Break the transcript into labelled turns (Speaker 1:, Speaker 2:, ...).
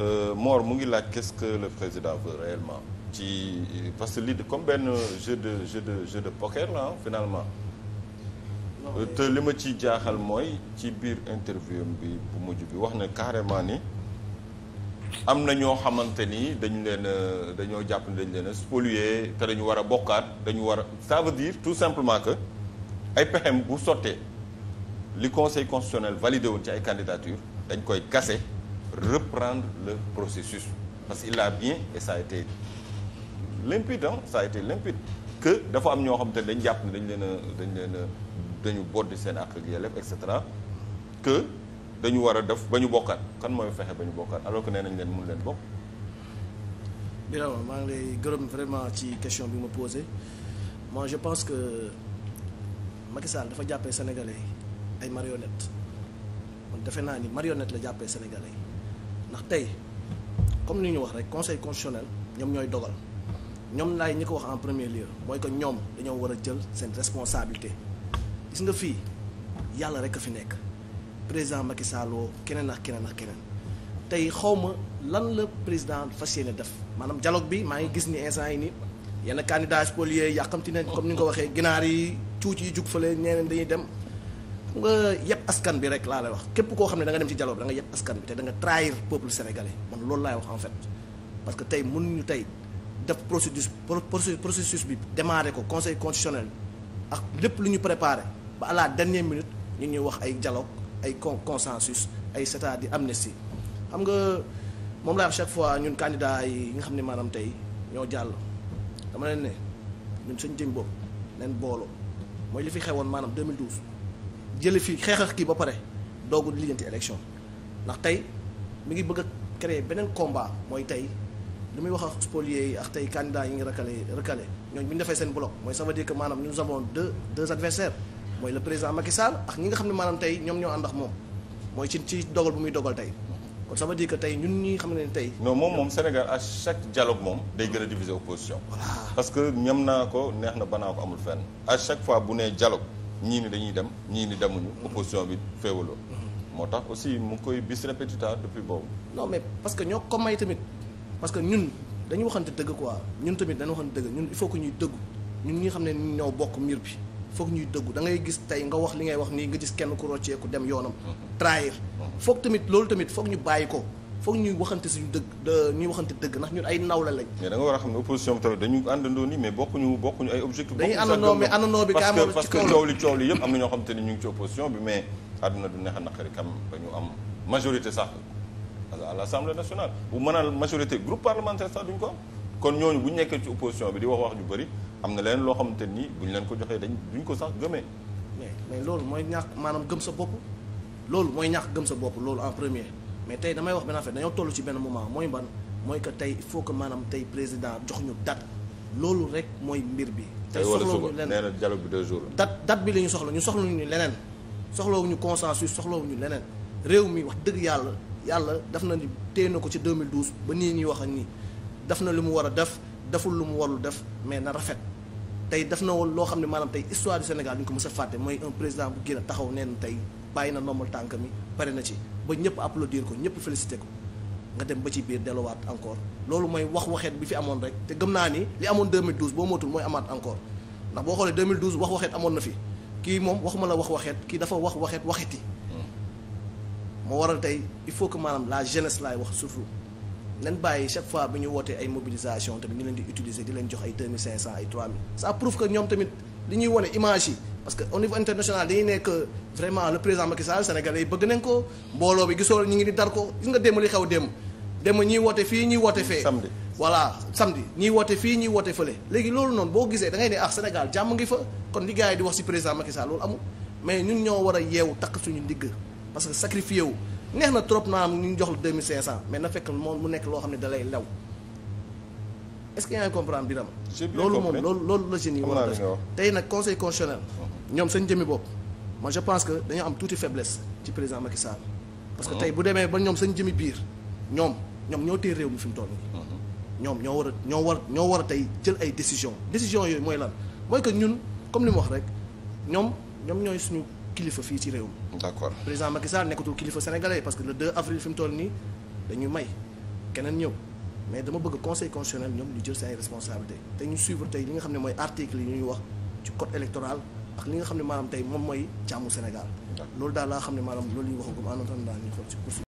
Speaker 1: Euh, moor mu ngi laaj qu'est-ce le président veut réellement ci parce que lii de comme benn jeu de jeu de jeu de poker là finalement. Euh, te li ma ci jaaxal mooy ci biir interview bi bu mujj bi wax na carrément ni am na ñoo xamante ni dañu leen euh, dañoo jàpp ni dañu leen a spolier te dañu war a bokkaat dañu war a ça veut dire tout simplement que ay pexem bu sottee li conseil constitutionnel validé woon ci ay candidature dañ koy kase reprendre le processus. Parce qu'il a bien et ça a été limpide hein ça a limpide que dafa am ñoo xam te dañ jàpp ne dañ leen dañ leen a dañu bodd seen àq ak yelleef et cetera que dañu war a def ba ñu bokkaat kan mooy fexe ba ñu bokkaat alors que nee nañ leen mun leen bokk.
Speaker 2: Birama maa ngi lay gërëm vraiment ci question bi ma posé moo je pense que Macky Sall dafa jàppee sénégalais ay marionnettes man defe naa ni marionnette la jàppee sénégalais. ndax tey comme ni ñu wax rek conseil constitutionnel ñoom ñooy dogal ñoom laay ñi ko wax en premier lieu mooy que ñoom dañoo war a jël seen responsabilité gis nga fii yàlla rek a fi nekk président Macky Sall keneen ak keneen ak keneen tey xaw ma lan la président fas yéene def maanaam dialogue bi maa ngi gis ni instant yi ni yenn candidats spoliés yàqamti nañ comme ni nga ko waxee ginaar yi cuuc yi jug fële ñeneen dañuy dem nga yëpp askan bi rek laa lay wax képp koo xam ne da nga dem ci jaloo bi da nga yëpp askan bi te da nga trahir peuple sénégalais man loolu laay wax en fait parce que tey mun mënuñu tey def procédure processus bi démarré ko conseil constitutionnel ak lépp lu ñu préparé ba à la minute ñu ñuy wax ay dialogue ay consensus ay c'est-à-dire amnistie xam nga moom laay wax chaque fois ñun candidat yi nga xam ne maanaam tey ñoo jàll dama leen ne ñun suñ jëm bopp neen booloo mooy li fi xewoon maanaam 2012 jële fii xeexax kii ba pare doogu di lijjanti ndax tey mu ngi bëgg a créer beneen combat mooy tey lu muy wax ak spoliés yi ak tey candidats yi ngi recalé recalé ñooñu bi ñu defee seen bloc mooy ça veut dire que maanaam nous avons deux deux adversaires mooy le président Macky Sall ak ñi nga xam ne maanaam tey ñoom ñoo ànd ak moom mooy ci ci dogal bu muy dogal tey kon ça veut dire tey ñun ñi xam ne tey. non moom moom
Speaker 1: Sénégal a chaque dialogue moom day gën a diviser opposition. parce que ñam naa ko neex na banaa ko amul fenn à chaque fois bu nee dialogue. ñii ni dañuy dem ñii ni demuñu. opposition bi féewaloo. moo tax aussi mu ngi koy bis répétiteur depuis boobu.
Speaker 2: non mais parce que ñoo ko may tamit parce que ñun dañu waxante dëgg quoi ñun tamit dañu waxante dëgg ñun il faut que ñuy dëggu ñun ñu xam ne ñoo bokk mbir bi foog ñuy dëggu da ngay gis tey nga wax li ngay wax nii nga gis kenn ku rocceeku dem yoonam. Mm-hmm. trahir mm-hmm. foog tamit loolu tamit foog ñu bàyyi ko. foog ñuy waxante suñu dëgg ñuy waxante dëgg ndax ñun ay nawla lañ.
Speaker 1: mais da war a xam ne opposition bi tamit dañu àndandoo nii mais bokkuñu bokkuñu ay objectif. dañuy àndandoo mais àndandoo bi kaa parce que coow am na te ni ñu ngi ci opposition bi mais àdduna du a naqari kam dañu am majorité sax à l'Assemblée nationale bu mënal majorité groupe parlementaire sax duñ kon ñooñu bu ñu nekkee ci bi di wax wax ñu bari am na leen loo xamante ni bu ñu leen ko joxee dañ duñ ko sax gëmee.
Speaker 2: mais mais loolu mooy ñàkk maanaam gëm sa bopp loolu mooy ñàkk gëm sa bopp loolu en premier mais tey damay wax benn affaire dañoo toll ci benn moment mooy ban mooy que tey il faut que maanaam tey président jox ñu date loolu rek mooy mbir bi. tey soxlawuñu leneen
Speaker 1: nee na dialogue bi deux jours
Speaker 2: date date bi la ñu soxla ñu soxlawuñu leneen soxla ñu soxlawuñu consensus ñu leneen réew mi wax dëgg yàlla yàlla daf na ni téye na ko ci 2012 ba nii ñuy wax ak nii daf na lu mu war a def deful lu mu war lu def mais na rafet. tey daf na woon loo xam ne maanaam tey histoire du Sénégal duñ ko a fàtte mooy un président bu génn taxaw neen tey bàyyi na ndombal pare na ci ba ñëpp applaudir ko ñëpp félicité ko nga dem ba ci biir delluwaat encore loolu mooy wax waxeet bi fi amoon rek te gëm naa ni li amoon 2012 boo mootul mooy amaat encore ndax boo xoolee 2012 wax waxeet amoon na fi kii moom waxuma la wax waxeet kii dafa wax waxeet waxeti moo waral tey il faut que maanaam la jeunesse laay wax surtout nañ bàyyi chaque fois bi ñu wootee ay mobilisation tamit ñu leen di utiliser di leen jox ay 2500 ay 3000 ça prouve que ñoom tamit li ñuy wone yi parce que au niveau international dañuy nekk vraiment le président Macky Sall sénégalais yi bëgg nañ ko mbooloo bi gisoo ñu ngi di dar ko gis nga démb li xew démb démb ñiy woote fii ñuy woote fee. samedi voilà samedi ñiy woote fii ñiy woote fële. léegi loolu noonu boo gisee da ngay ne ah Sénégal jàmm ngi fa kon li di wax ci président Macky Sall loolu amul mais ñun ñoo war a yeewu takk suñu ndigg parce que sacrifié wu neex na trop naam ñu jox la 2500 mais na fekk moom mu nekk loo xam ne da lay est-ce que yaa ngi comprendre Birame loolu moom loolu loolu la jeunes yi war a def tey nag conseil constitutionnel ñoom seen jëmmi bopp man je pense que dañoo am tuuti faiblesse ci président Macky Sall parce que tey bu demee ba ñoom sañ jëmmi biir ñoom ñoom ñoo téye réew mi fi mu toll nii ñoom ñoo war ñoo war ñoo war a tey jël ay décision décision yooyu mooy lan mooy que ñun comme li mu wax rek ñoom ñoom ñooy suñu kilifa fii ci réew mi d'accord président Macky Sall nekkatul kilifa sénégalais parce que le 2 avril fi mu toll nii may keneen ñëw mais dama bëgg conseil constitutionnel ñoom ñu jël say responsabilité te ñu suivre tey li nga xam ne mooy article yi ñuy wax ci code électoral ak li nga xam ne maanaam tey moom mooy càmmu Sénégal loolu daal laa xam ne maanaam loolu ñu waxagum en attendant ñu xool ci